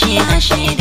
She. ashe